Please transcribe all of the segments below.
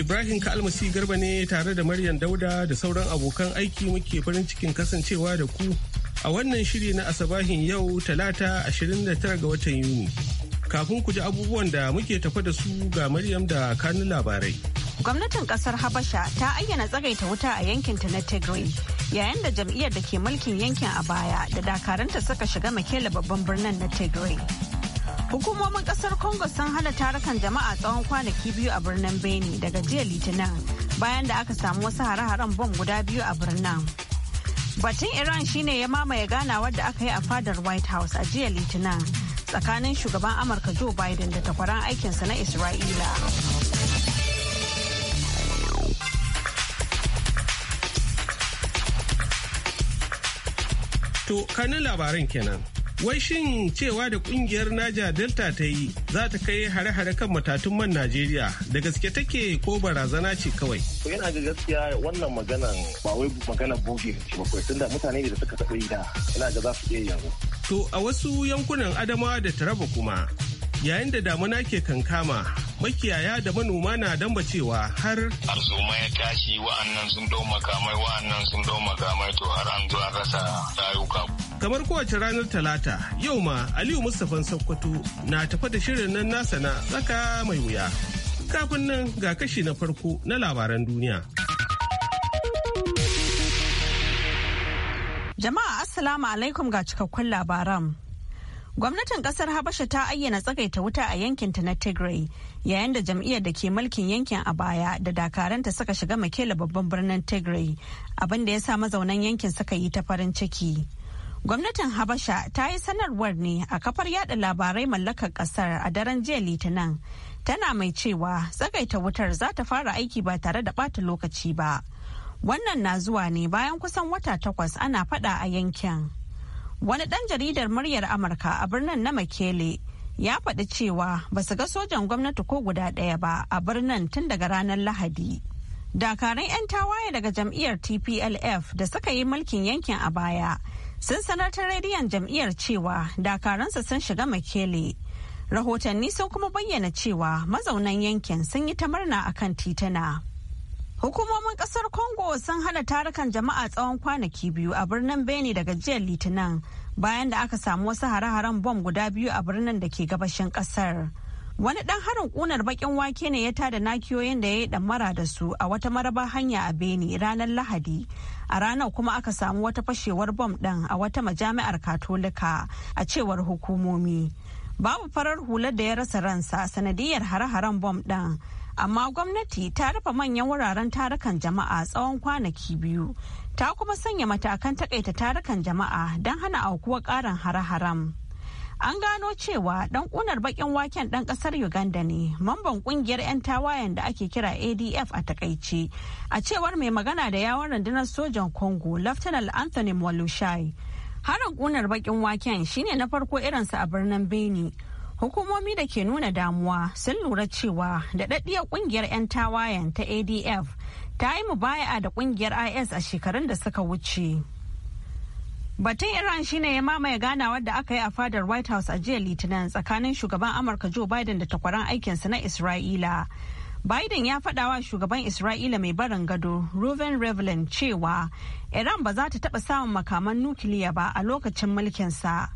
Ibrahim Kalmasi Garba ne tare da Maryam Dauda da sauran abokan aiki muke farin cikin kasancewa da ku a wannan shiri na Asabahin yau talata 29 ga watan Yuni. Kafin ku ji abubuwan da muke tafa da su ga Maryam da kanun labarai. Gwamnatin kasar Habasha ta ayyana tsagaita wuta a yankinta na Tigray yayin da jam'iyyar da ke mulkin yankin a baya da dakaranta suka shiga makela babban birnin na Tigray. Hukumomin kasar Congo sun hana tarukan jama'a tsawon kwanaki biyu a birnin Beni daga jiya Litinin bayan da aka samu wasu hare-haren bom guda biyu a birnin. Batun Iran shine ya mamaye ganawar da aka yi a fadar White House a jiya Litinin tsakanin shugaban Amurka Joe Biden da takwaran aikinsa na Isra'ila. To, kanin labaran kenan. Wai shin cewa da kungiyar Naja Delta ta yi za ta kai hare-hare kan matatun man Najeriya da gaske take ko barazana ce kawai. Yana ga gaskiya wannan magana ba wai magana boge ba kawai tunda mutane da suka taɓa yi da yana ga za su iya yanzu. To a wasu yankunan Adamawa da Taraba kuma yayin da damuna ke kankama makiyaya da manoma na dambacewa har arzuma ya tashi wa'annan sun dau makamai wa'annan sun dau makamai to har an zuwa rasa rayuka kamar kowace ranar talata yau ma aliyu mustapha sakkwato na tafa da shirin nan nasa na tsaka mai wuya kafin nan ga kashi na farko na labaran duniya jama'a assalamu alaikum ga cikakkun labaran Gwamnatin kasar Habasha ta ayyana tsakaita wuta a yankinta na Tigray yayin da jam'iyyar da ke mulkin yankin a baya da dakaranta suka shiga Makela babban birnin Tigray abin da ya sa mazaunan yankin suka yi ta farin ciki. Gwamnatin Habasha ta yi sanarwar ne a kafar yada labarai mallakar kasar a daren jiya Litinin. Tana mai cewa tsakaita wutar za ta fara aiki ba tare da ɓata lokaci ba. Wannan na zuwa ne bayan kusan wata takwas ana fada a yankin. Wani ɗan jaridar muryar Amurka a birnin na Makele ya faɗi cewa ba su ga sojan gwamnati ko guda ɗaya ba a birnin tun daga ranar Lahadi. Dakarun 'yan tawaye daga jam'iyyar TPLF da suka yi mulkin yankin a baya sun sanar ta rediyon jam'iyyar cewa dakaransa sun shiga Makele. Rahotanni sun kuma bayyana cewa mazaunan yankin sun yi ta murna akan tituna. Hukumomin kasar Congo sun hana tarukan jama'a tsawon kwanaki biyu a birnin Beni daga jiya Litinin bayan da aka samu wasu hare-haren bom guda biyu a birnin da ke gabashin kasar. Wani ɗan harin ƙunar bakin wake ne ya tada nakiyoyin da ya yi ɗamara da su a wata maraba hanya a Beni ranar Lahadi. A ranar kuma aka samu wata fashewar bom ɗin a wata majami'ar Katolika a cewar hukumomi. Babu farar hular da ya rasa ransa sanadiyar hare-haren bom ɗin. amma gwamnati ta rufe manyan wuraren tarukan jama'a tsawon kwanaki biyu ta kuma sanya matakan takaita tarukan jama'a don hana aukuwa karin hare-haren an gano cewa dan kunar bakin waken dan kasar uganda ne mamban kungiyar 'yan tawayen da ake kira adf a takaice a cewar mai magana da yawon rundunar sojan congo laftanal anthony walushai harin kunar bakin waken shine na farko irinsa a birnin benin hukumomi da ke nuna damuwa sun lura cewa daɗaɗɗiyar ƙungiyar 'yan tawayen ta adf ta yi mubaya'a da ƙungiyar is a shekarun da suka wuce batun iran shine ya mamaye ganawa da aka yi a fadar white house a jiya litinin tsakanin shugaban amurka joe biden da takwaran aikinsa na isra'ila biden ya faɗa wa shugaban isra'ila mai barin gado reuven rivlin cewa iran ba za ta taɓa samun makaman nukiliya ba a lokacin mulkinsa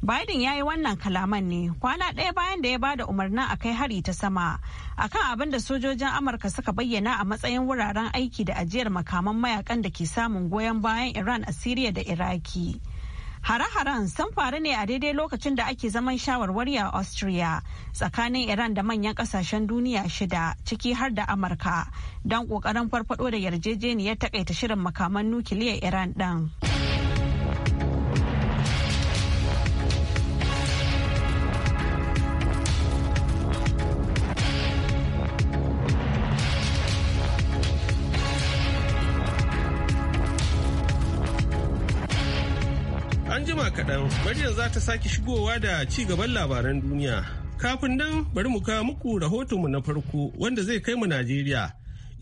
Biden ya yi wannan kalaman ne kwana ɗaya bayan da ya ba da umarnin a kai hari ta sama akan abin da sojojin Amurka suka bayyana a matsayin wuraren aiki da ajiyar makaman mayakan da ke samun goyon bayan Iran a Siriya da Iraki. Hare-haren sun faru ne a daidai lokacin da ake zaman shawarwari a Austria tsakanin Iran da manyan kasashen duniya shida ciki har da Amurka don ƙoƙarin farfado da yarjejeniyar takaita shirin makaman nukiliyar Iran ɗin. kaɗan Maryam za ta sake shigowa da ci gaban labaran duniya. Kafin nan bari mu kawo muku rahotonmu na farko wanda zai kai mu Najeriya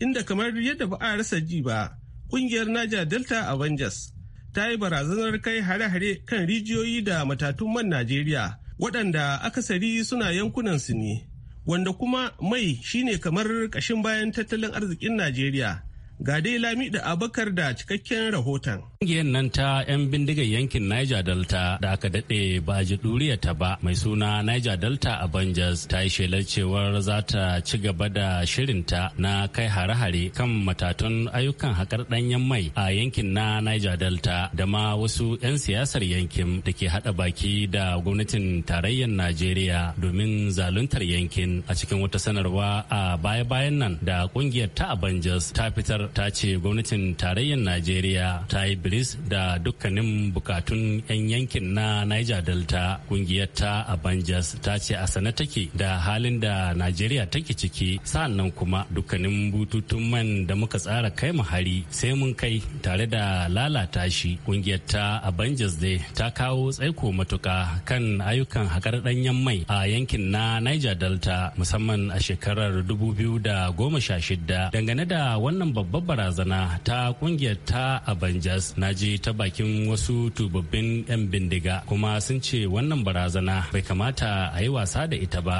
inda kamar yadda ba a rasa ji ba Ƙungiyar naja Delta Avengers ta yi barazanar kai hare-hare kan rijiyoyi da matatun man Najeriya waɗanda akasari suna yankunan su ne wanda kuma mai shine kamar ƙashin bayan tattalin arzikin Najeriya. Ga dai Lami da Abakar da cikakken rahoton. Ƙungiyar nan ta 'yan bindigar yankin Niger Delta da aka daɗe ba ji ta ba mai suna Niger Delta Avengers ta yi shelar cewar za ta ci gaba da shirinta na kai hare-hare kan matatun ayyukan haƙar ɗanyen mai a yankin na Niger Delta da ma wasu 'yan siyasar yankin da ke haɗa baki da gwamnatin tarayyar Najeriya domin zaluntar yankin a cikin wata sanarwa a baya-bayan nan da ƙungiyar ta Avengers ta fitar ta ce gwamnatin tarayyar Najeriya ta yi Idris da dukkanin bukatun 'yan yankin na Niger Delta kungiyar ta Abanjas ta ce a sane take da halin da Najeriya take ciki sa'annan kuma dukkanin bututun man da muka tsara kai hari sai mun kai tare da lalata shi kungiyar ta Abanjas dai ta kawo tsaiko matuka kan ayyukan haƙar ɗanyen mai a yankin na Niger Delta musamman a shekarar 2016 dangane da wannan babbar barazana ta kungiyar ta Abanjas na je ta bakin wasu tubabbin 'yan bindiga kuma sun ce wannan barazana bai kamata a yi wasa da ita ba.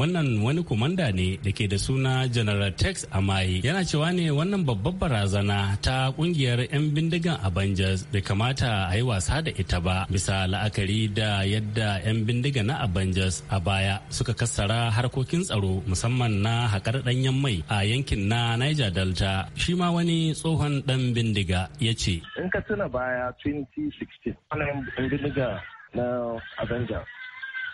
Wannan wani kumanda ne da ke da suna General Tex maye. yana cewa ne wannan babbar barazana ta kungiyar 'yan bindigan Avengers bai kamata a yi wasa da ita ba bisa la'akari da yadda 'yan bindiga na Avengers a baya suka kassara harkokin harkokin tsaro musamman na haƙar ɗanyen mai a yankin na Niger Delta shi ma wani tsohon ɗan bindiga ya ce. In ka tuna baya 2016 wani bindiga na Avengers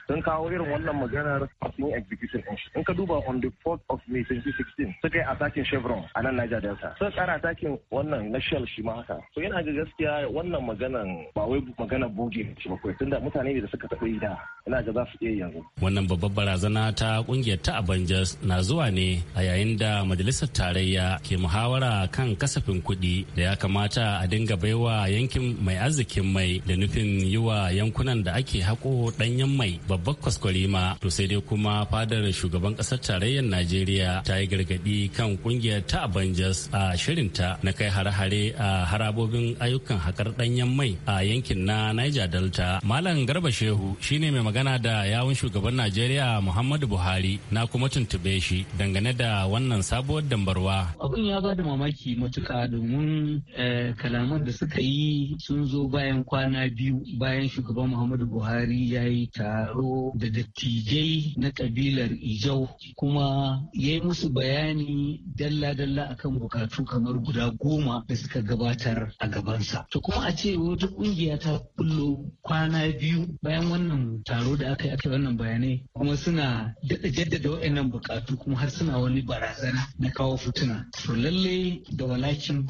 sun kawo irin wannan maganar a cikin execution din shi in ka duba on the 4th of May 2016 suka yi atakin Chevron a nan Niger Delta sun kara atakin wannan na Shell shi ma haka so yana ga gaskiya wannan maganan ba wai maganar boge shi ba kawai tunda mutane ne da suka taɓa yi da ina ga za su iya yanzu wannan babbar barazana ta kungiyar ta abanjas na zuwa ne a yayin da majalisar tarayya ke muhawara kan kasafin kuɗi da ya kamata a dinga baiwa yankin mai arzikin mai da nufin yi wa yankunan da ake haƙo ɗanyen mai babbar kwaskwarima to sai dai kuma fadar shugaban kasar tarayyar najeriya ta yi gargadi kan kungiyar ta avengers a shirinta na kai hare-hare a harabobin ayyukan hakar danyen mai a yankin na niger delta malam garba shehu shine mai magana da yawun shugaban najeriya muhammadu buhari na kuma tuntube shi dangane da wannan sabuwar dambarwa abin ya ba da mamaki matuka domin eh, kalaman da suka yi sun zo bayan kwana biyu bayan shugaban muhammadu buhari ya yi taro taro da dattijai na kabilar Ijau kuma ya yi musu bayani dalla-dalla akan bukatu kamar guda goma da suka gabatar a gabansa. To kuma a ce wata kungiya ta kullo kwana biyu bayan wannan taro da aka yi aka wannan bayanai kuma suna daɗa jaddada waɗannan bukatu kuma har suna wani barazana na kawo fituna. To lalle da walakin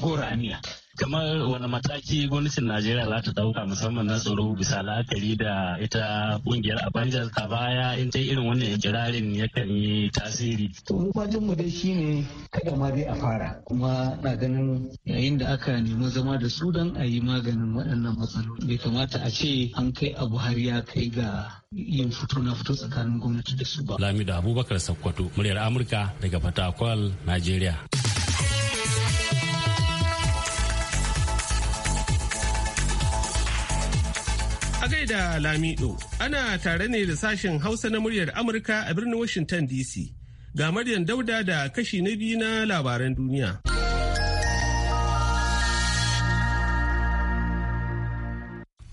gora aniya. kamar wani mataki gwamnatin najeriya za ta dauka musamman na tsaro bisa la'akari da ita kungiyar abanjar a baya in ta irin wannan ikirarin kan yi tasiri to mu mu dai shine kada ma dai a fara kuma na ganin yayin da aka nemi zama da su don a yi maganin waɗannan matsaloli bai kamata a ce an kai abu har ya kai ga yin fito na fito tsakanin gwamnati da su ba lamida abubakar sakkwato muryar amurka daga fatakwal najeriya A gaida Lamido, ana tare ne da sashen Hausa na muryar Amurka a birnin Washington DC. Ga Maryam Dauda da kashi na biyu na labaran duniya.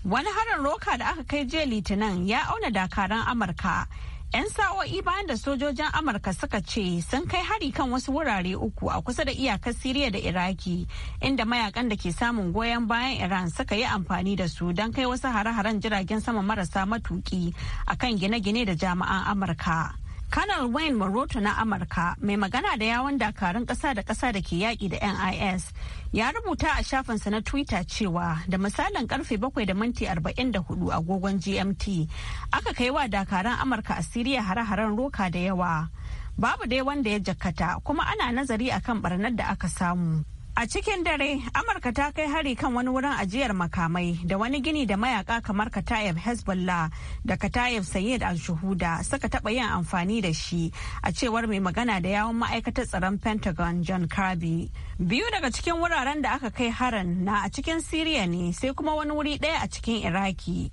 Wani harin roka da aka kai jiya Litinin ya auna dakaran Amurka 'Yan sa'o'i bayan da sojojin Amurka suka ce sun kai hari kan wasu wurare uku a kusa da iyakar Siriya da Iraki, inda mayakan da ke samun goyon bayan Iran suka yi amfani da su don kai wasu hare-haren jiragen sama marasa matuki akan gine-gine da jama'an Amurka. kanal wayne maroto na amurka mai magana da yawon dakarun ƙasa da ƙasa da ke yaƙi da nis ya rubuta a shafinsa na twitter cewa da misalin karfe 7 da minti 44 agogon gmt aka kai wa dakaran amurka a siriya hare-haren roka da yawa babu dai wanda ya jakkata kuma ana nazari akan barnar da aka samu A cikin dare, Amurka ta kai hari kan wani wurin ajiyar makamai da wani gini da mayaka kamar Katayef Hezbollah da Katayef Sayyid al-Shuhuda suka taɓa yin amfani da shi a cewar mai magana da yawon ma'aikatar tsaron Pentagon John Kirby. Biyu daga cikin wuraren da aka kai harin na a cikin Siriya ne sai kuma wani wuri ɗaya a cikin Iraki.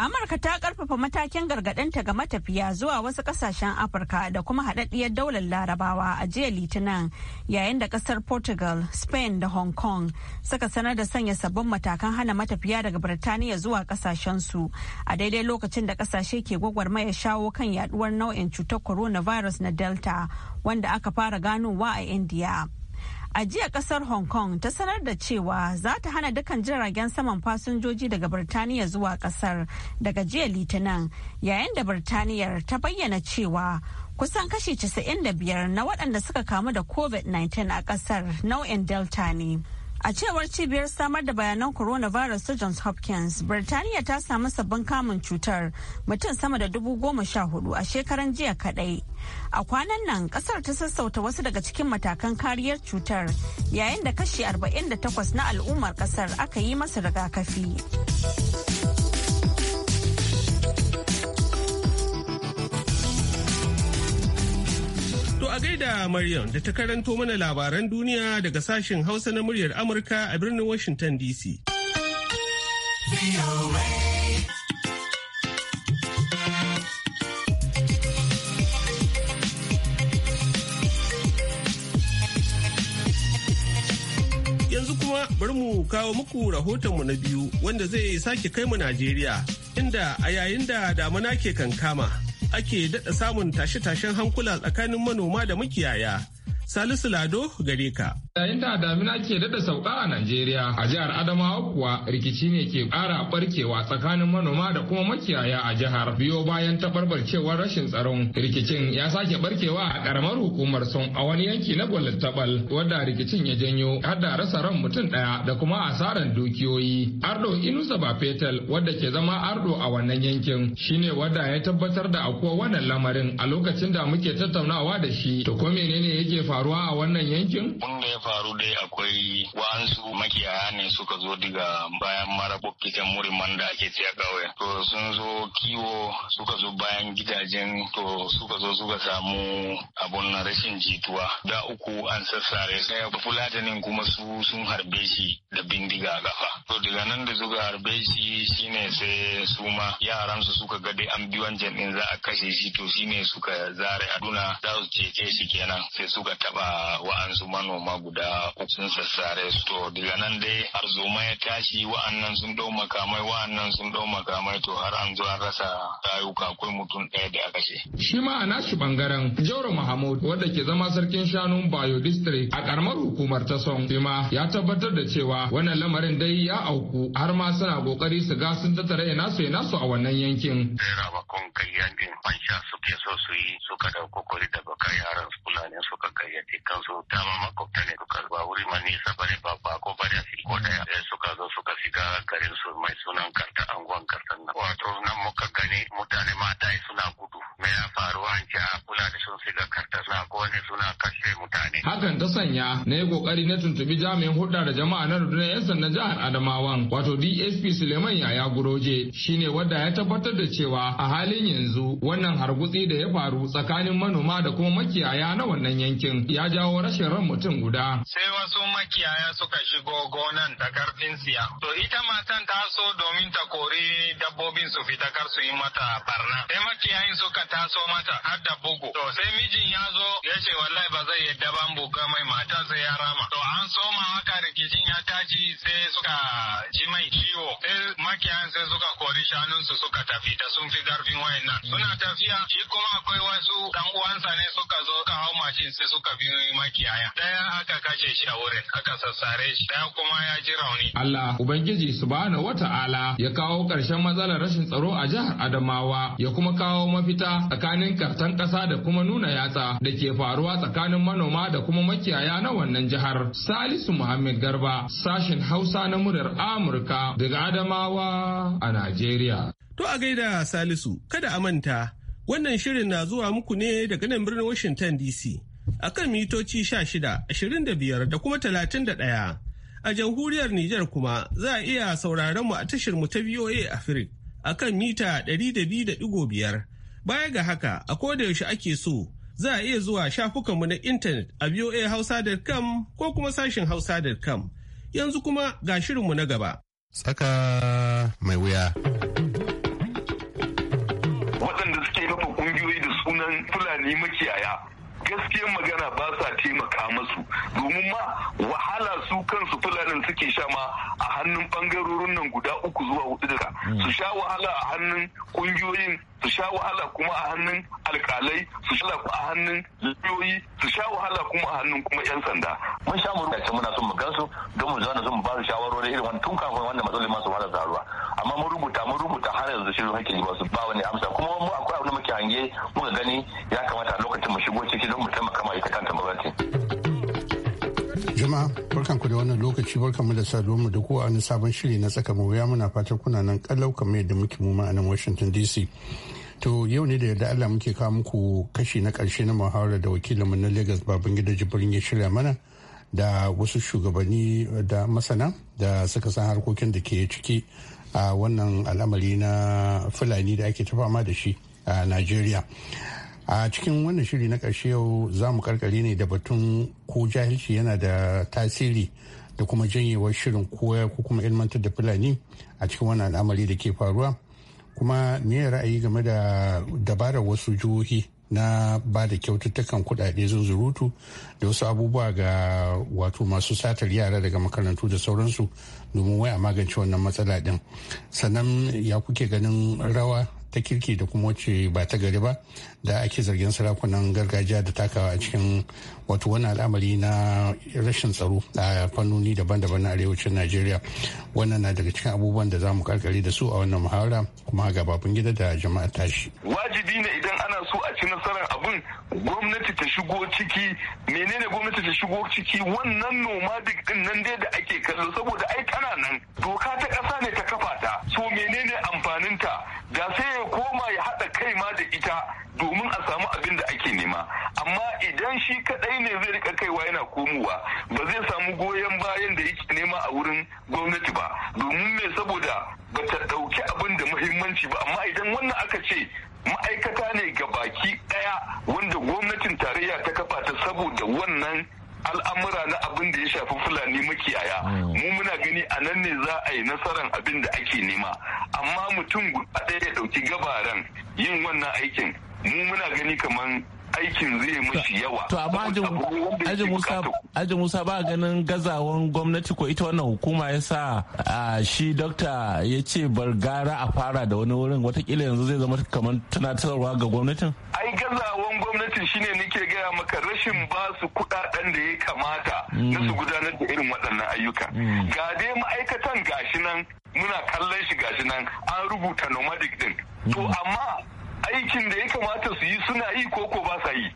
Amurka ta karfafa matakin gargadinta ga matafiya zuwa wasu kasashen Afirka da kuma haɗaɗɗiyar daular larabawa a jiya litinin yayin da ƙasar Portugal, Spain da Hong Kong suka sanar da sanya sabbin matakan hana matafiya daga Birtaniya zuwa su a daidai lokacin da ƙasashe ke gwagwarmaya shawo kan yaduwar nau'in cutar coronavirus na Delta wanda aka fara ganowa a India. A jiya kasar Hong Kong ta sanar da cewa za ta hana dukkan jiragen saman fasinjoji daga Birtaniya zuwa kasar daga jiya Litinin yayin da Birtaniyar ta bayyana cewa kusan kashi 95 na waɗanda suka kamu da COVID-19 a kasar nau'in Delta ne. A cewar cibiyar samar da bayanan coronavirus ta Johns Hopkins, Birtaniya ta samu sabbin kamun cutar mutum sama da dubu goma sha hudu a shekaran jiya kadai. A kwanan nan kasar ta sassauta wasu daga cikin matakan kariyar cutar yayin da kashi 48 na al'ummar kasar aka yi masa rigakafi. a gaida Maryam da ta karanto mana labaran duniya daga sashen Hausa na muryar Amurka a birnin Washington DC. Yanzu kuma bari mu kawo muku rahotonmu na biyu wanda zai sake kai mu Najeriya inda a yayin da damuna ke kankama. ake daɗa samun tashe-tashen hankula tsakanin manoma da makiyaya Salisu Lado gare ka. Yayin da damina ke dada sauka a Najeriya a jihar Adamawa kuwa rikici ne ke ƙara barkewa tsakanin manoma da kuma makiyaya a jihar biyo bayan tabarbarcewar rashin tsaron rikicin ya sake barkewa a karamar hukumar son a wani yanki na Gwalatabal wadda rikicin ya janyo har da rasa ran mutum ɗaya da kuma asaran dukiyoyi. Ardo Inusa ba Bafetel wadda ke zama Ardo a wannan yankin shine wadda ya tabbatar da akwai wannan lamarin a lokacin da muke tattaunawa da shi to ko menene yake fa faruwa a wannan yankin? Mun da ya faru dai akwai wa'ansu makiyaya ne suka zo daga bayan marabok kitan murin da ake tsaye kawai. To sun zo kiwo suka zo bayan gidajen to suka zo suka samu abun na rashin jituwa. Da uku an sassare sai fulatanin kuma su sun harbe shi da bindiga a ƙafa. To daga nan da suka harbe shi shine sai su ma yaran su suka ga dai an bi wancan za a kashe shi to shine suka zare aduna za su cece shi kenan sai suka ta taba wa'ansu manoma guda sun sassare su to daga nan dai har ya tashi wa'annan sun dau makamai wa'annan sun dau makamai to har an zo an rasa rayuka akwai mutum ɗaya da aka ce. Shi ma a nashi bangaren Jauro Mahamud wanda ke zama sarkin shanun Bayo District a karamar hukumar ta son ma ya tabbatar da cewa wannan lamarin dai ya auku har ma suna kokari su ga sun tattara ina su ina su a wannan yankin. Rabakon kayyan din suke so su yi suka da kori da baka yaran fulani suka kai ya ce kansu dama makwabta ne suka ba wuri ma nisa bane ba ba ko bane a ko daya eh, suka zo suka shiga garin su mai sunan karta anguwan kartan nan wato nan muka gani mutane mata suna gudu me ya faru an ce a kula da sun shiga karta suna ko suna kashe mutane hakan ta sanya na yi kokari na tuntubi jami'in hudda da jama'a na rundunar yan sandan jihar Adamawan wato DSP Suleiman Yaya Guroje shine wadda ya tabbatar da cewa a halin yanzu wannan hargutsi da ya faru tsakanin manoma da kuma makiyaya na wannan yankin ya jawo rashin ran mutum guda. Sai wasu makiyaya suka shigo gonan da siya. To ita matan ta so domin ta kori dabbobin su fita kar su yi mata barna. Sai makiyayin suka taso mata har da bugu. To sai mijin ya zo ya ce wallahi ba zai yadda ban buga mai matan sai ya rama. To an soma haka rikicin ya tashi sai suka ji mai ciwo Sai makiyayan sai suka kori shanunsu suka tafi da sun fi karfin wayannan. Suna tafiya shi kuma akwai wasu dan uwansa ne suka zo ka hau mashin sai suka kabiloyi makiyaya daya aka kashe shi a wurin aka sassare shi daya kuma ya ji rauni Allah ubangiji subhanahu wata'ala ya kawo ƙarshen matsalar rashin tsaro a jihar Adamawa ya kuma kawo mafita tsakanin kartan ƙasa da kuma nuna yatsa da ke faruwa tsakanin manoma da kuma makiyaya na wannan jihar Salisu Muhammad Garba sashen Hausa na muryar Amurka daga Adamawa a Najeriya To a gaida Salisu kada a manta Wannan shirin na zuwa muku ne daga nan birnin Washington DC. akan mitoci 16, 25 da kuma 31. A jamhuriyar Nijar kuma za a iya sauraron mu a tashar mu ta VOA Africa akan mita 200.5. Baya ga haka, a da yaushe ake so za a iya zuwa shafukanmu na intanet a voahausa.com ko kuma sashin hausa.com. Yanzu kuma ga shirinmu na gaba. Tsaka mai wuya. Waɗanda suke kafa ƙungiyoyi da sunan Fulani makiyaya gaskiyar magana ba sa taimaka musu domin ma wahala su kansu fulanin suke sha ma a hannun bangarorin nan guda uku zuwa hudu daga hmm. su sha wahala a hannun kungiyoyin su sha wahala kuma a hannun alkalai su sha a hannun lafiyoyi su sha wahala kuma a hannun kuma yan sanda mun sha mu da muna son mu gansu don mu zauna son mu ba su shawarwari irin wani tun kafin wannan matsalolin masu wahala zaruwa amma mun rubuta mun rubuta har yanzu shirin hakki ba su ba wani da wannan lokaci barkamu da saduwar da kowa sabon shiri na tsaka mu ya muna fatan kuna nan kallau kamar yadda muke mu a nan Washington DC. To yau ne da yarda Allah muke kawo muku kashi na karshe na muhawara da wakilinmu na Lagos gida Jibrin ya shirya mana da wasu shugabanni da masana da suka san harkokin da ke ciki a wannan al'amari na Fulani da ake ta fama da shi a Najeriya. a cikin wannan shiri na ƙarshe yau za mu karkare ne da batun ko jahilci yana da tasiri da kuma janyewar shirin koya ko kuma ilmantar da fulani a cikin wannan al'amari da ke faruwa kuma me ra'ayi game da dabarar wasu jihohi na ba da kyaututtukan kuɗaɗe zunzurutu da wasu abubuwa ga wato masu satar yara daga makarantu da sauransu domin wai a magance wannan matsala din sannan ya kuke ganin rawa ta kirki da kuma wacce ba ta gari ba da ake zargin sarakunan gargajiya da takawa a cikin wato wani al'amari na rashin tsaro a fannoni daban-daban na arewacin najeriya wannan na daga cikin abubuwan da za mu karkare da su a wannan muhawara kuma ga babin gida da jama'a tashi wajibi ne idan ana so a ci nasarar abin gwamnati ta shigo ciki menene gwamnati ta shigo ciki wannan nomadic din nan dai da ake kallo saboda ai kana nan doka ta ƙasa ne ta kafa ta so menene ta ga sai ya koma ya haɗa kai ma da ita domin a samu abin da ake nema amma idan shi kaɗai ne zai rika kaiwa yana komowa ba zai samu goyon bayan da yake nema a wurin gwamnati ba domin me saboda ba ta ɗauki abin da muhimmanci ba amma idan wannan aka ce ma'aikata ne ga baki ɗaya wanda gwamnatin tarayya ta kafa ta saboda wannan al'amura na abin da ya shafi fulani makiyaya mm. mu muna gani a nan ne za a yi nasarar abin da ake nema amma mutum a ɗaya ya ɗauki gabaran yin wannan aikin mu muna gani kamar aikin zai musu yawa. To amma Aji Musa ba ganin gazawan gwamnati ko ita wannan hukuma ya sa shi dokta ya ce bar gara a fara da wani wurin watakila yanzu zai zama kamar tunatarwa ga gwamnatin? Ai gazawan gwamnatin shine nake gaya maka rashin ba su kuɗaɗen da ya kamata mm. na su gudanar da irin waɗannan ayyuka. Mm. Ga dai ma'aikatan gashi nan muna kallon shi gashi nan an rubuta nomadic din. To mm. amma aikin da ya kamata su yi suna yi ko ko ba sa yi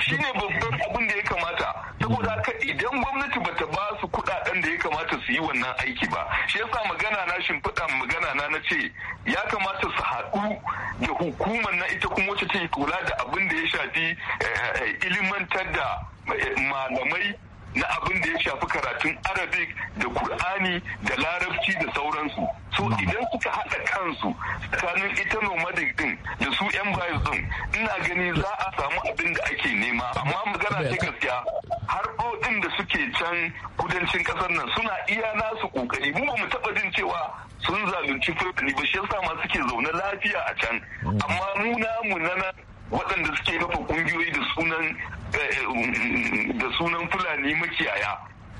shine babban abin da ya kamata saboda haka idan gwamnati bata ba su kudaden da ya kamata su yi wannan aiki ba shi yasa magana na shimfiɗa magana na na ce ya kamata su haɗu da hukumar na ita kuma wacce take kula da abin da ya shafi eh, eh, ilimantar da eh, malamai na abin da ya shafi karatun arabic da kur'ani da larabci da sauransu so idan kuka haɗa kansu tsakanin ita nomadic din da su yan bayan din ina gani za a samu abin da ake nema amma magana ce gaskiya har din da suke can kudancin ƙasar nan suna iya nasu kokari mu ba mu taɓa jin cewa sun zalunci fulani ba shi yasa ma suke zaune lafiya a can mm. amma mu namu na waɗanda suke kafa ƙungiyoyi eh, eh, mm, mm, da sunan fulani makiyaya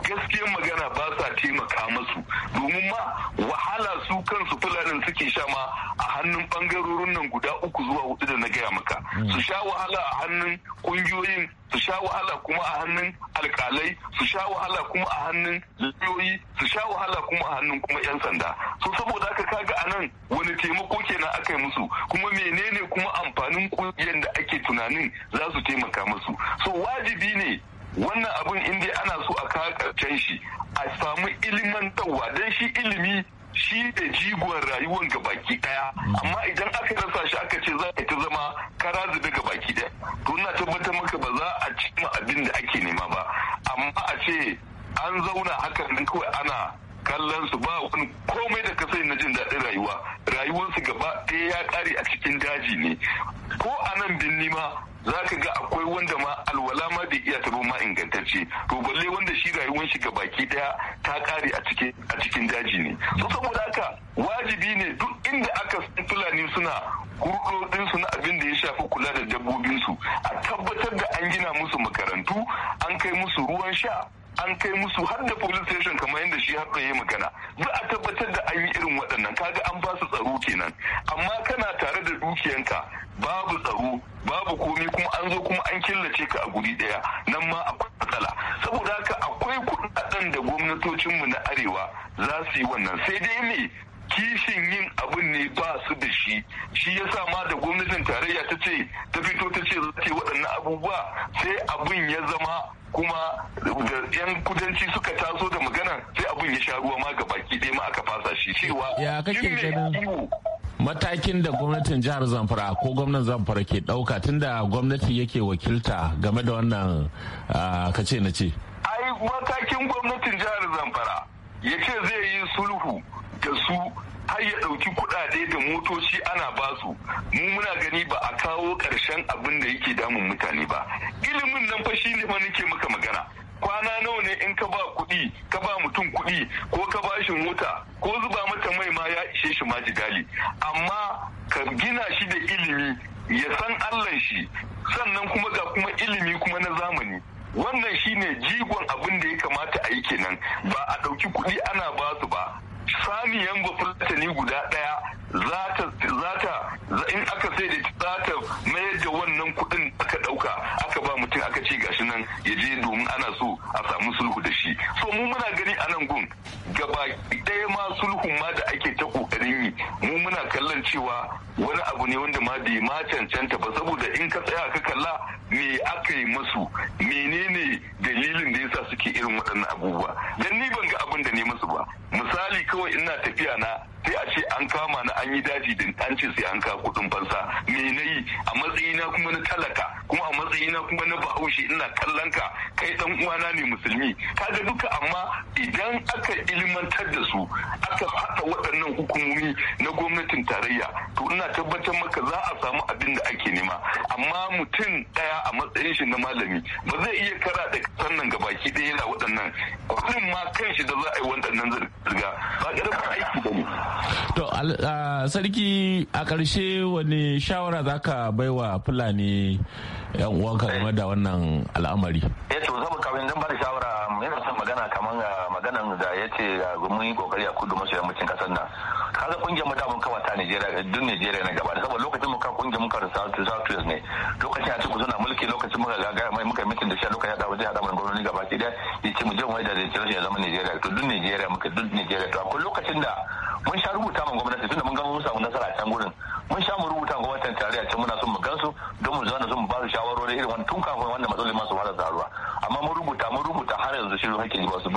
gaskiyar magana ba sa taimaka masu domin ma wahala su kansu fulanin suke sha ma a hannun bangarorin nan guda uku zuwa hudu da na gaya maka hmm. su sha wahala a hannun kungiyoyin su sha wahala kuma a hannun alkalai su sha wahala kuma a hannun lauyoyi su sha wahala kuma a hannun kuma yan sanda Su saboda haka kaga anan wani taimako kenan aka yi musu kuma menene kuma amfanin kungiyar da ake tunanin za su taimaka masu? so wajibi ne wannan abun in dai ana so a kawo shi a samu ilimantarwa don shi ilimi shi da jigon rayuwar ga baki daya amma idan aka rasa shi aka ce za a ta zama kara zube ga baki daya to na tabbatar maka ba za a cimma abin da ake nema ba amma a ce an zauna haka ne kawai ana kallon su ba wani komai da ka na jin daɗin rayuwa rayuwarsu gaba ɗaya ya kare a cikin daji ne ko a nan binni ma za ka ga akwai wanda ma alwala ma da iya tabo ma ingantacce to balle wanda shi rayuwar shi baki daya ta kare a cikin daji ne so saboda haka wajibi ne duk inda aka fulani suna hurɗoɗin su na abin da ya shafi kula da dabbobinsu a tabbatar da an gina musu makarantu an kai musu ruwan sha an kai musu har da police station kamar yadda shi har ya magana za a tabbatar da an yi irin waɗannan kaga an ba su tsaro kenan amma kana tare da dukiyanka babu tsaro babu komai kuma an zo kuma an killace ka a guri ɗaya nan ma akwai matsala saboda haka akwai kuɗaɗen da gwamnatocinmu na arewa za su yi wannan sai dai me kishin yin abin ne ba su da shi shi yasa ma da gwamnatin tarayya ta ce ta fito ta ce za ta yi waɗannan abubuwa sai abin ya zama kuma da yan kudanci suka taso da magana sai abun ya sha ruwa ma ga baki ɗaya ma aka fasa shi cewa ya kake ganin matakin da gwamnatin jihar zamfara ko gwamnan zamfara ke ɗauka tunda gwamnati yake wakilta game da wannan ce na ce ai matakin gwamnatin jihar zamfara ya ce zai yi sulhu da su har ya ɗauki kuɗaɗe da motoci ana basu mu muna gani ba a kawo ƙarshen abin da yake damun mutane ba ilimin nan fa shi ne ma nake maka magana kwana nawa ne in ka ba kuɗi ka ba mutum kuɗi ko ka ba shi mota ko zuba mata mai ma ya ishe shi ma jigali amma ka gina shi da ilimi ya san allah shi sannan kuma ga kuma ilimi kuma na zamani wannan shine jigon abin da ya kamata a yi kenan ba a ɗauki kuɗi ana ba su ba saniyan ne guda ɗaya za ta in aka sai da za ta mayar da wannan kuɗin aka ɗauka aka ba mutum aka ce gashi nan ya je domin ana so a samu sulhu da shi so mu muna gani a nan gun gaba ɗaya ma sulhun ma da ake ta mu muna kallon cewa wani abu ne wanda ma bai ma cancanta ba saboda in ka tsaya ka kalla me aka yi masu menene dalilin da yasa suke irin waɗannan abubuwa dan ni ban ga abin da ne masu ba misali kawai ina tafiya na sai a ce an kama na an yi daji din an ce sai an ka kuɗin fansa me na yi a matsayina kuma na talaka kuma a matsayina kuma na bahaushe ina kallon ka kai dan uwana ne musulmi kaga duka amma idan aka ilmantar da su aka haɗa waɗannan hukumomi na gwamnatin tarayya to ina tabbatar maka za a samu abin da ake nema amma mutum daya a matsayin shi na malami ba zai iya kara da sannan ga baki ɗaya yana waɗannan kuɗin ma kan shi da za a yi waɗannan zirga ba ƙarfin aiki ba ne. to sarki a ƙarshe wani shawara za ka baiwa fulani yan uwanka game da wannan al'amari. eh to zama kawai zan ba da shawara yana son magana kamar maganan da ya ce mun yi kokari a kudu maso yammacin ƙasar nan kaga kungiyar mu da mun kawata ta Najeriya dun Najeriya ne gaba saboda lokacin mu ka kungiyar mu ka da South South ne lokacin a cikin suna mulki lokacin muka ga mai muka mitin da shi lokacin da wajen hada mun gwamnati gaba ki da yace mu je mu da Najeriya ya zama Najeriya to dun Najeriya muka dun Najeriya to akwai lokacin da mun sha rubuta mun gwamnati tunda mun ga mun samu nasara a can gurin mun sha mu rubuta gwamnatin tarayya can muna son mu gansu don mu zauna sun mu ba su shawarwari irin wani tun kafin wannan matsalolin masu fara taruwa amma mun rubuta mun rubuta har yanzu shi hakkin ba su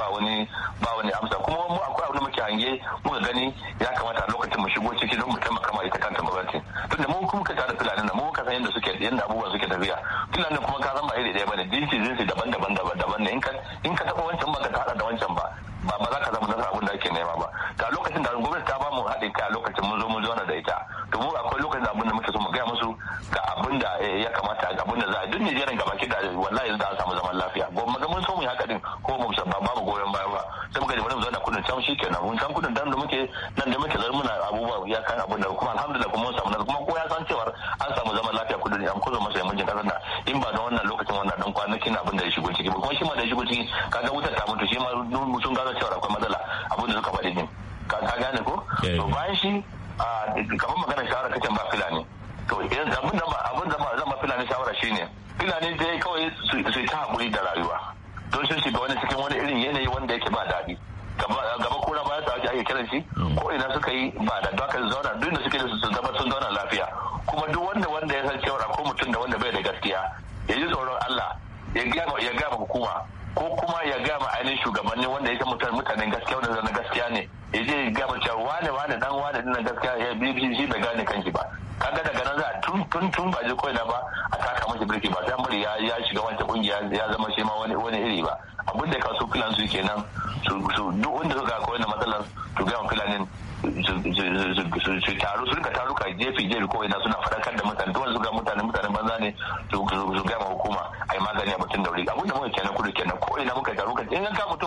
Ka kaga wutar ta mutu shi ma mutum gaza cewa akwai matsala abinda da suka faɗi din ka gane ko eh. to bayan shi kamar magana shawara kace ba filani to abin da ba abin da ba zan ba filani shawara shine filani dai kawai su ta hakuri da rayuwa don sun shiga wani cikin wani irin yanayi wanda yake ba daɗi gaba kura ba ta ake kiran shi mm. ko ina suka yi ba da haka zauna duk da suke su zama sun zauna lafiya kuma duk wanda wanda ya san cewa ko mutum da wanda bai da gaskiya ya yi tsoron Allah ya gaba hukuma ko kuma ya ga ma ainihin shugabanni wanda mutane mutanen gaskiya wanda zana gaskiya ne ya je ga ma cewa wane wane dan wane dinnan gaskiya ya bi shi bai gane kanki ba kaga daga nan za tun tun tun ba je na ba a taka mashi birki ba sai muri ya shiga wancan kungiya ya zama shi ma wani wani iri ba abin da ka so filan su kenan su su duk wanda suka ga koina matsalar su ga filanin su taru su taru ka jefi jefi koina suna fadakar da mutane duk wanda suka mutane mutane banza ne su ga ma hukuma mutum da wuri da muka kenan kudu kenan ko ina muka taru ka in ka mutum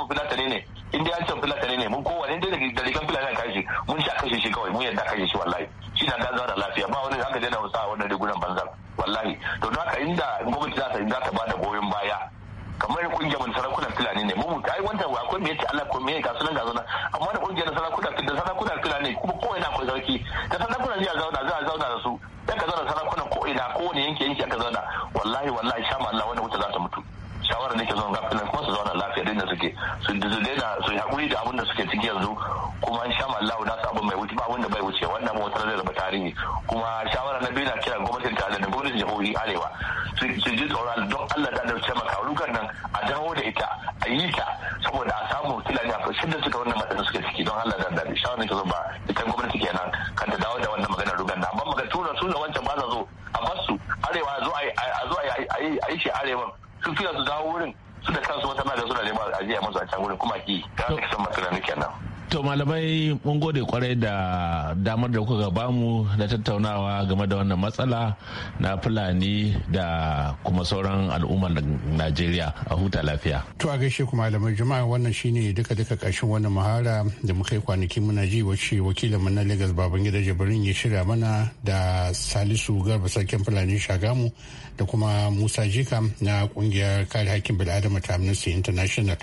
su da wancan ba sa zo a bar su arewa a zo a yi shi arewan su fiya su dawo wurin su da kansu wata na da suna neman ajiya masu a can wurin kuma ki malamai mun gode kwarai da damar da kuka bamu na tattaunawa game da wannan matsala na fulani da kuma sauran al'ummar najeriya a huta lafiya to a gaishe ku malamai jama'a wannan shine duka duka karshen wannan muhara da muka yi kwanaki muna ji wacce wakilin na lagos babangida jibrin ya shirya mana da salisu garba sarkin fulani shagamu da kuma musa jika na kungiyar kare hakkin bil'adama ta amnesty international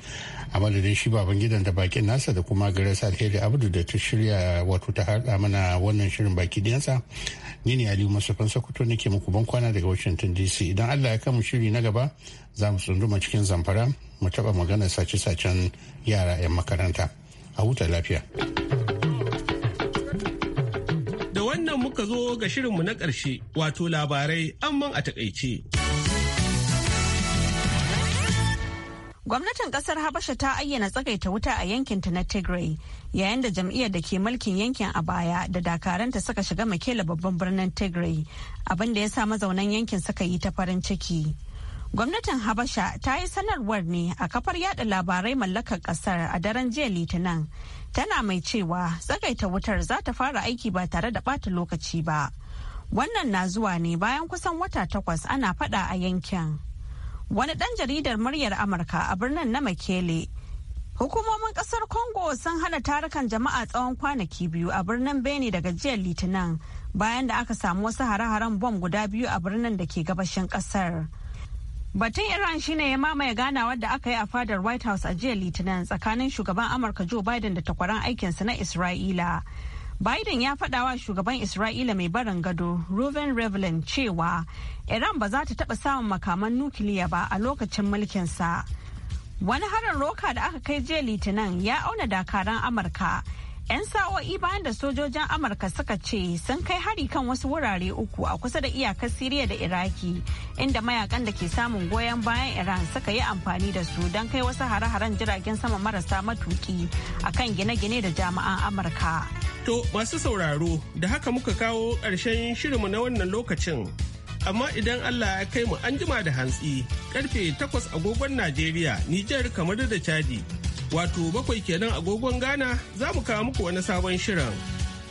a madadin shi baban gidan da bakin nasa da kuma gares alheri abdu da ta shirya wato ta haɗa mana wannan shirin baki diyansa ni ne aliyu masufan sokoto nake muku ban kwana daga washington dc idan allah ya kama shiri na gaba za mu tsunduma cikin zamfara mu taɓa magana sace-sacen yara 'yan makaranta a huta lafiya da wannan muka zo ga shirinmu na ƙarshe wato labarai amman a takaice. Gwamnatin kasar Habasha ta ayyana tsagaita wuta a yankin ta na Tigray yayin da jam'iyyar da ke mulkin yankin a baya da dakaranta suka shiga makela babban birnin Tigray abin da ya sa mazaunan yankin suka yi ta farin ciki. Gwamnatin Habasha ta yi sanarwar ne a kafar yada labarai mallakar kasar a daren jiya Litinin tana mai cewa tsagaita wutar za ta fara aiki ba tare da ɓata lokaci ba. Wannan na zuwa ne bayan kusan wata takwas ana faɗa a yankin. wani ɗan jaridar muryar amurka a birnin na makele hukumomin ƙasar congo sun hana tarukan jama'a tsawon kwanaki biyu a birnin beni daga jiyar litinin bayan da aka samu wasu hare-haren bom guda biyu a birnin da ke gabashin ƙasar batun iran shine ya mamaye ganawar da aka yi a fadar white house a jiya litinin tsakanin shugaban amurka joe biden da takwaran aikinsa na isra'ila Biden ya faɗa wa shugaban Isra'ila mai barin gado Reuven Rivlin cewa Iran ba za ta taɓa samun makaman nukiliya ba a lokacin mulkinsa. Wani harin roka da aka kai jiya Litinin ya auna dakaran Amurka 'Yan sa'o'i bayan da sojojin Amurka suka ce sun kai hari kan wasu wurare uku a kusa da iyakar Siriya da Iraki, inda mayakan da ke samun goyon bayan Iran suka yi amfani da su don kai wasu hare-haren jiragen sama marasa matuki a kan gine-gine da jama'an Amurka. To masu sauraro, da haka muka kawo ƙarshen shirinmu na wannan lokacin. amma idan Allah ya kai mu an jima da hantsi karfe 8 agogon Najeriya, Nijar kamar da Chadi. Wato bakwai kenan agogon Ghana za mu kawo muku wani sabon shirin.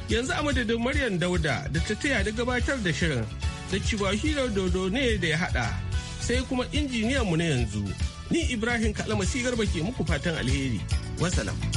Yanzu a madadin Maryam Dauda da ta taya da gabatar da shirin da cewa Chibahiro Dodo ne da ya haɗa sai kuma injiniyan mu na yanzu. Ni Ibrahim Kalama Garba ke muku fatan alheri. Wasalam.